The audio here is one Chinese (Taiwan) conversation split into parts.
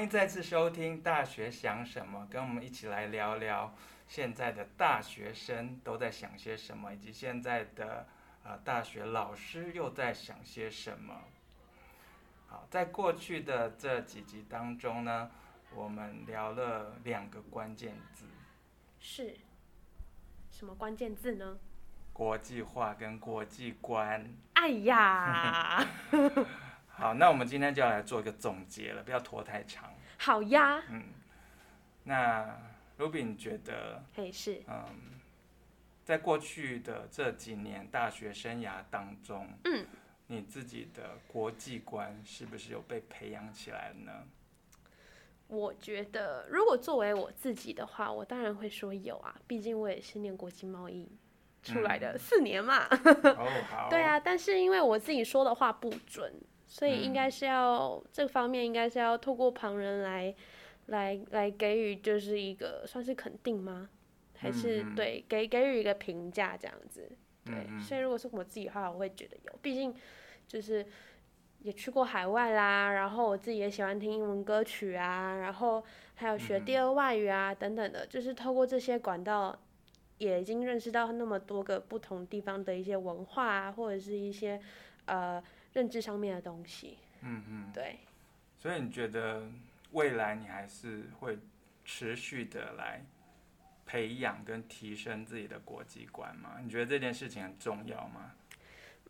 歡迎再次收聽《大學想什麼》，跟我們一起來聊聊現在的大學生都在想些什麼，以及現在的啊、呃、大學老師又在想些什麼。好，在過去的這幾集當中呢，我們聊了兩個關鍵字，是什麼關鍵字呢？國際化跟國際觀。哎呀， 好，那我們今天就要來做一個總結了，不要拖太長。好呀，嗯，那 Ruby 你覺得，嘿、hey, 是，嗯，在過去的這幾年大學生涯當中，嗯，你自己的國際觀是不是有被培養起來呢？我覺得，如果作為我自己的話，我當然會說有啊，畢竟我也是念國際貿易出來的，四年嘛，哦好，對啊，但是因為我自己說的話不準。所以應該是要，嗯，這方面應該是要透過旁人來，來來給予就是一個算是肯定嗎？還是，嗯嗯，對給給予一個評價這樣子？對，嗯，所以如果是我自己的話，我會覺得有，畢竟就是也去過海外啦，然後我自己也喜歡聽英文歌曲啊，然後還有學第二外語啊、嗯、等等的，就是透過這些管道，也已經認識到那麼多個不同地方的一些文化啊，或者是一些呃。認知上面的東西，嗯嗯哼，對，所以你覺得未來你還是會持續的來培養跟提升自己的國際觀嗎？你覺得這件事情很重要嗎？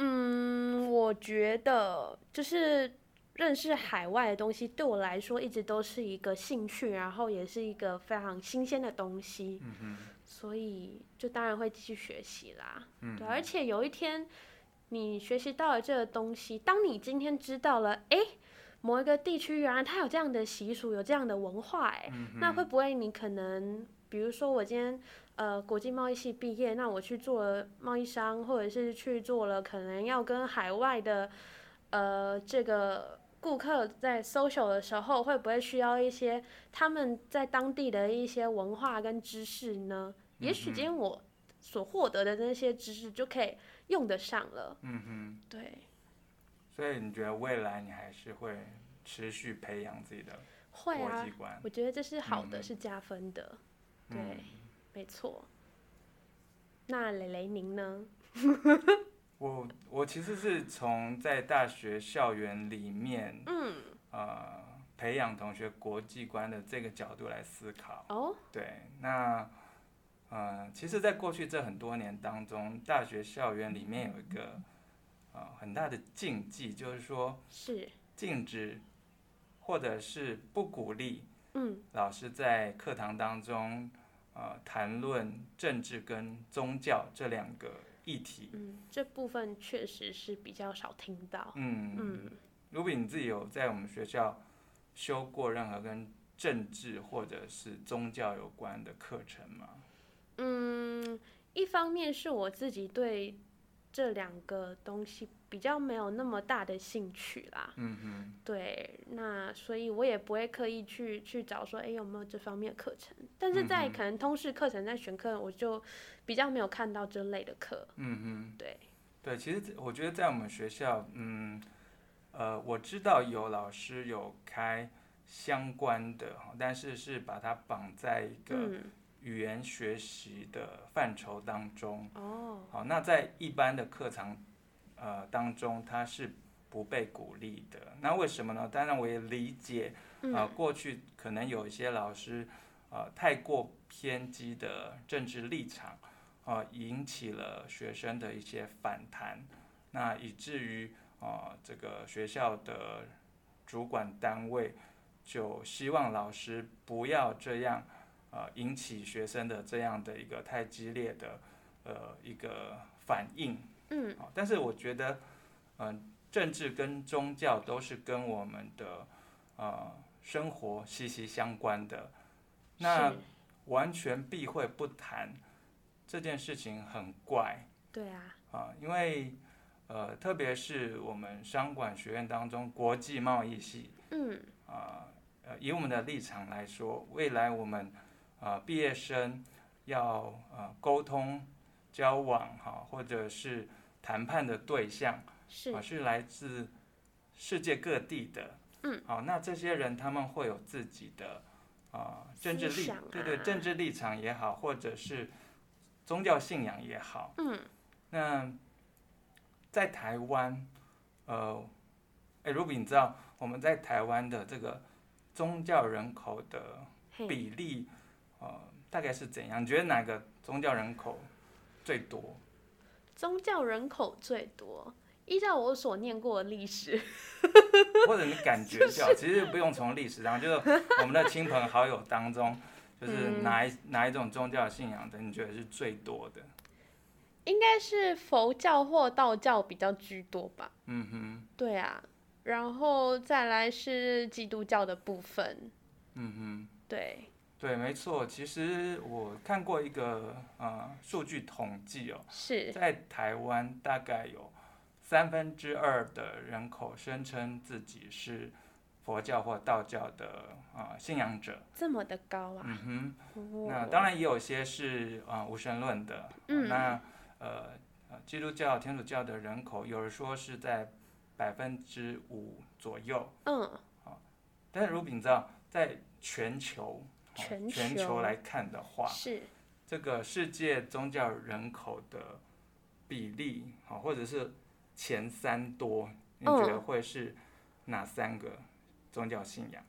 嗯，我覺得就是認識海外的東西對我來說一直都是一個興趣，然後也是一個非常新鮮的東西，嗯嗯哼，所以就當然會繼續學習啦，嗯哼，對，而且有一天，你學習到了這個東西，當你今天知道了，誒、欸，某一個地區原來它有這樣的習俗，有這樣的文化、欸，誒、嗯哼，那會不會你可能，比如說我今天，呃，國際貿易系畢業，那我去做了貿易商，或者是去做了，可能要跟海外的，呃，這個顧客在 social 的時候，會不會需要一些他們在當地的一些文化跟知識呢？嗯哼，也許今天我。所獲得的那些知識就可以用得上了。嗯哼，對。所以你覺得未來你還是會持續培養自己的國際觀？會啊、我覺得這是好的，嗯、哼是加分的。嗯、哼對，嗯、哼沒錯。那雷雷您呢？ 我我其實是從在大學校園裡面，嗯、呃、培養同學國際觀的這個角度來思考。哦，對，那。嗯、呃，其實，在過去這很多年當中，大學校園裡面有一個、呃、很大的禁忌，就是說是禁止或者是不鼓勵，嗯，老師在課堂當中談論、嗯呃、政治跟宗教這兩個議題。嗯，這部分確實是比較少聽到。嗯嗯 Ruby，你自己有在我們學校修過任何跟政治或者是宗教有關的課程嗎？嗯，一方面是我自己對這兩個東西比較沒有那麼大的興趣啦。嗯哼對，那所以我也不會刻意去去找說，哎，有沒有這方面的課程？但是在可能通識課程在選課，嗯、哼我就比較沒有看到這類的課。嗯哼對。對，其實我覺得在我們學校，嗯，呃，我知道有老師有開相關的，但是是把它綁在一個嗯語言學習的範疇當中，哦，好，那在一般的課堂呃當中，它是不被鼓勵的。那為什麼呢？當然，我也理解，啊、呃，過去可能有一些老師，啊、呃，太過偏激的政治立場，啊、呃，引起了學生的一些反彈，那以至於啊、呃，這個學校的主管單位就希望老師不要這樣。引起學生的這樣的一個太激烈的，呃，一個反應，但是我覺得，嗯，政治跟宗教都是跟我們的，呃，生活息息相關的，那完全避諱不談這件事情很怪，對啊，因為，呃，特別是我們商管學院當中國際貿易系，嗯，呃，以我們的立場來說，未來我們啊，畢、呃、業生要啊溝、呃、通、交往哈、啊，或者是談判的對象，是啊，是來自世界各地的。嗯，好、啊，那這些人他們會有自己的啊政治立，對對、啊，政治立場也好，或者是宗教信仰也好。嗯，那在台灣，呃，哎 Ruby，你知道我們在台灣的這個宗教人口的比例？呃，大概是怎樣？你覺得哪個宗教人口最多？宗教人口最多，依照我所念過的歷史， 或者你感覺一下，就是 其實不用從歷史上，就是我們的親朋好友當中， 就是哪一哪一種宗教信仰的，你覺得是最多的？應該是佛教或道教比較居多吧。嗯哼，對啊，然後再來是基督教的部分。嗯哼，對。對，沒錯。其實我看過一個啊、呃、數據統計哦，是在台灣大概有三分之二的人口聲稱自己是佛教或道教的啊、呃、信仰者，這麼的高啊！嗯哼 oh. 那當然也有些是啊、呃、無神論的。哦嗯、那呃，基督教、天主教的人口，有人說是在百分之五左右。嗯，但是如果你知道，在全球。全球來看的話，是這個世界宗教人口的比例好，或者是前三多，嗯、你覺得會是哪三個宗教信仰？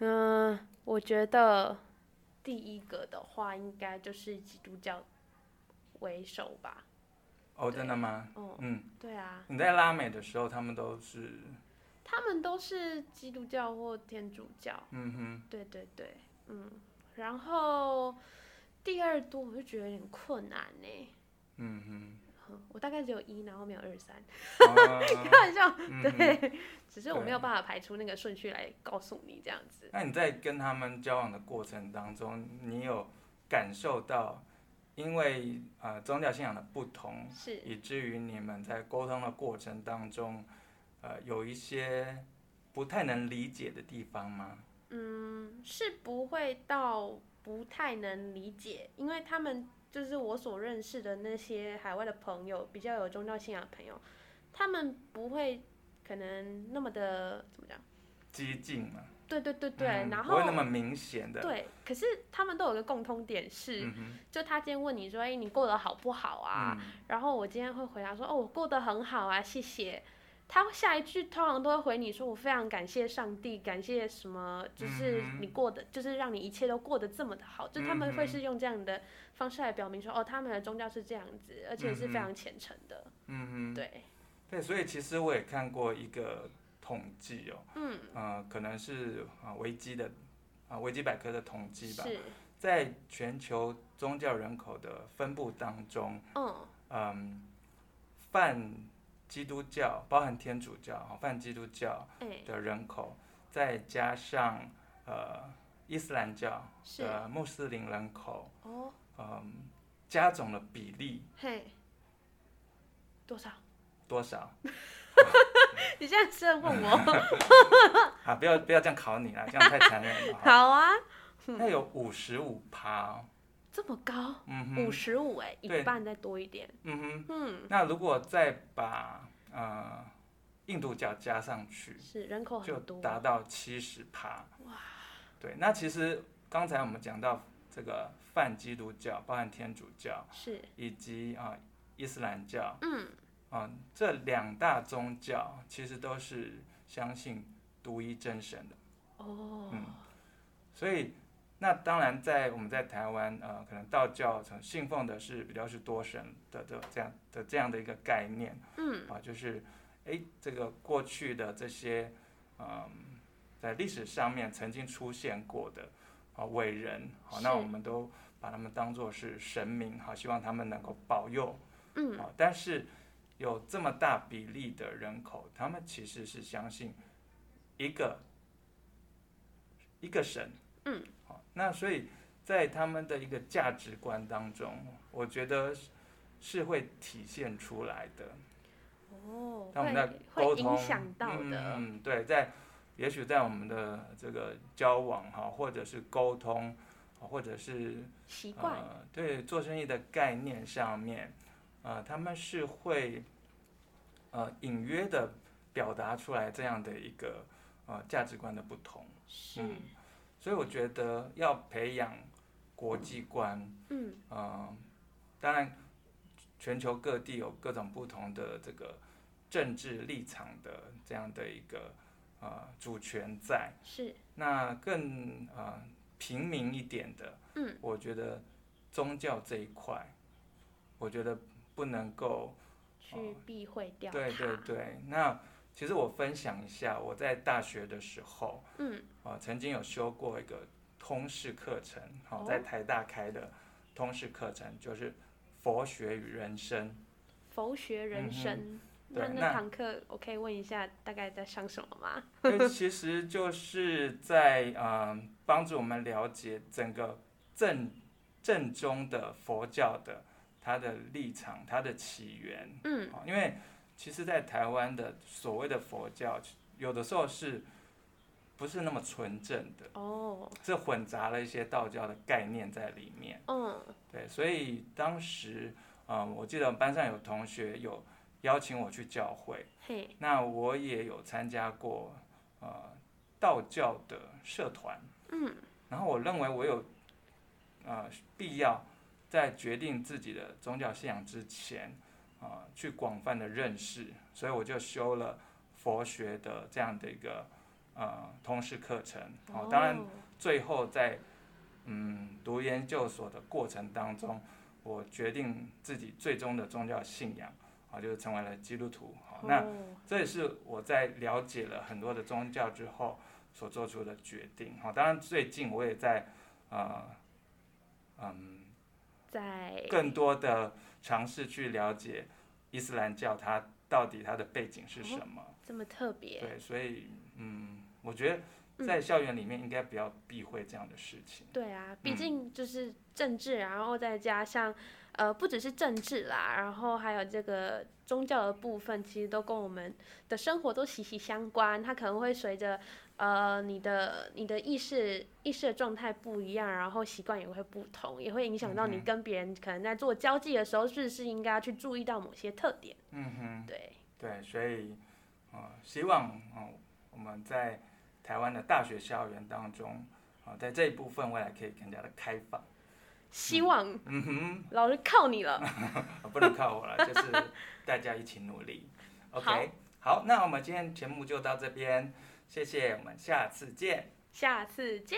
嗯，我覺得第一個的話，應該就是基督教為首吧。哦，oh, 真的嗎？嗯，嗯對啊。你在拉美的時候，他們都是？他們都是基督教或天主教。嗯哼，對對對。嗯，然後第二多我就覺得有點困難呢。嗯哼嗯，我大概只有一，然後沒有二三，開玩笑、呃，、 笑。嗯、哼對，只是我沒有辦法排出那個順序來告訴你這樣子。那你在跟他們交往的過程當中，你有感受到因為呃宗教信仰的不同，是以至於你們在溝通的過程當中，嗯、呃有一些不太能理解的地方嗎？嗯。是不會到不太能理解，因為他們就是我所認識的那些海外的朋友，比較有宗教信仰的朋友，他們不會可能那麼的怎麼講，激進嘛？對對對對，嗯、然後不會那麼明顯的。對，可是他們都有個共通點是，嗯、哼就他今天問你說哎，你過得好不好啊？嗯、然後我今天會回答說哦，我過得很好啊，謝謝。他下一句通常都會回你說：“我非常感謝上帝，感謝什麼？就是你過得，嗯、哼就是讓你一切都過得這麼的好。嗯哼”就他們會是用這樣的方式來表明說：“嗯、哼哦，他們的宗教是這樣子，而且是非常虔誠的。嗯哼”嗯，對。對，所以其實我也看過一個統計哦，嗯嗯、呃，可能是啊維基的啊維基百科的統計吧，是在全球宗教人口的分布當中，嗯嗯，範、呃。犯基督教包含天主教、包含基督教的人口，欸、再加上呃伊斯蘭教的穆斯林人口，嗯、哦呃，加總的比例多少？多少？你這樣子問我，啊，不要不要這樣考你啦，這樣太殘忍了。 好啊，那有五十五趴這麼高，嗯哼，五十五哎，一半再多一點，嗯哼，嗯，那如果再把呃印度教加上去，是人口就達到七十趴，哇，對，那其實剛才我們講到這個泛基督教，包含天主教，是，以及啊、呃、伊斯蘭教，嗯，啊、呃，這兩大宗教其實都是相信獨一真神的，哦，嗯，所以。那當然，在我們在台灣，呃，可能道教成信奉的是比較是多神的的這樣的這樣的一個概念，嗯，啊，就是，哎、欸，這個過去的這些，嗯，在歷史上面曾經出現過的，啊，偉人，好，是那我們都把他們當作是神明，好，希望他們能夠保佑，嗯，啊，但是有這麼大比例的人口，他們其實是相信一個一個神，嗯。那所以，在他們的一個價值觀當中，我覺得是會體現出來的。哦，他們在溝通，嗯嗯，對，在也許在我們的這個交往哈，或者是溝通，或者是習慣、呃、對做生意的概念上面，呃、他們是會呃隱約的表達出來這樣的一個呃價值觀的不同，嗯。所以我覺得要培養國際觀，嗯，嗯，啊、呃，當然全球各地有各種不同的這個政治立場的這樣的一個啊、呃、主權在，是。那更啊、呃、平民一點的，嗯，我覺得宗教這一塊，我覺得不能夠去避諱掉、呃，對對對，那。其實我分享一下，我在大學的時候，嗯、呃，曾經有修過一個通識課程，好、呃，在台大開的通識課程、哦、就是佛學與人生。佛學人生，嗯、哼那對那，那堂課我可以問一下，大概在上什麼嗎？其實就是在嗯，幫助我們了解整個正正宗的佛教的它的立場、它的起源，嗯、呃，因為。其實，在台灣的所謂的佛教，有的時候是，不是那麼純正的。Oh. 這混雜了一些道教的概念在裡面。Oh. 對，所以當時，呃，我記得班上有同學有邀請我去教會。Hey. 那我也有參加過，呃，道教的社團。Mm. 然後我認為我有，呃，必要在決定自己的宗教信仰之前。啊，去廣泛的認識，所以我就修了佛學的這樣的一個呃通識課程。好、哦，當然最後在嗯讀研究所的過程當中，我決定自己最終的宗教信仰啊，就是成為了基督徒。好、哦，哦，那這也是我在了解，了很多的宗教之後所做出的決定。好、哦，當然最近我也在啊、呃、嗯。在更多的嘗試去了解伊斯蘭教，它到底它的背景是什麼？哦、這麼特別？對，所以嗯，我覺得在校園裡面應該不要避諱這樣的事情。嗯、對啊，畢竟就是政治，嗯、然後再加上呃，不只是政治啦，然後還有這個宗教的部分，其實都跟我們的生活都息息相關。它可能會隨着。呃，你的你的意識意識的狀態不一樣，然後習慣也會不同，也會影響到你跟別人可能在做交際的時候，是不是應該要去注意到某些特點？嗯哼，對對，所以，呃、希望、呃、我們在台灣的大學校園當中、呃、在這一部分未來可以更加的開放。嗯、希望，嗯哼，老師靠你了， 不能靠我了， 就是大家一起努力。OK，好，好，那我們今天節目就到這邊。謝謝，我們下次見。下次見。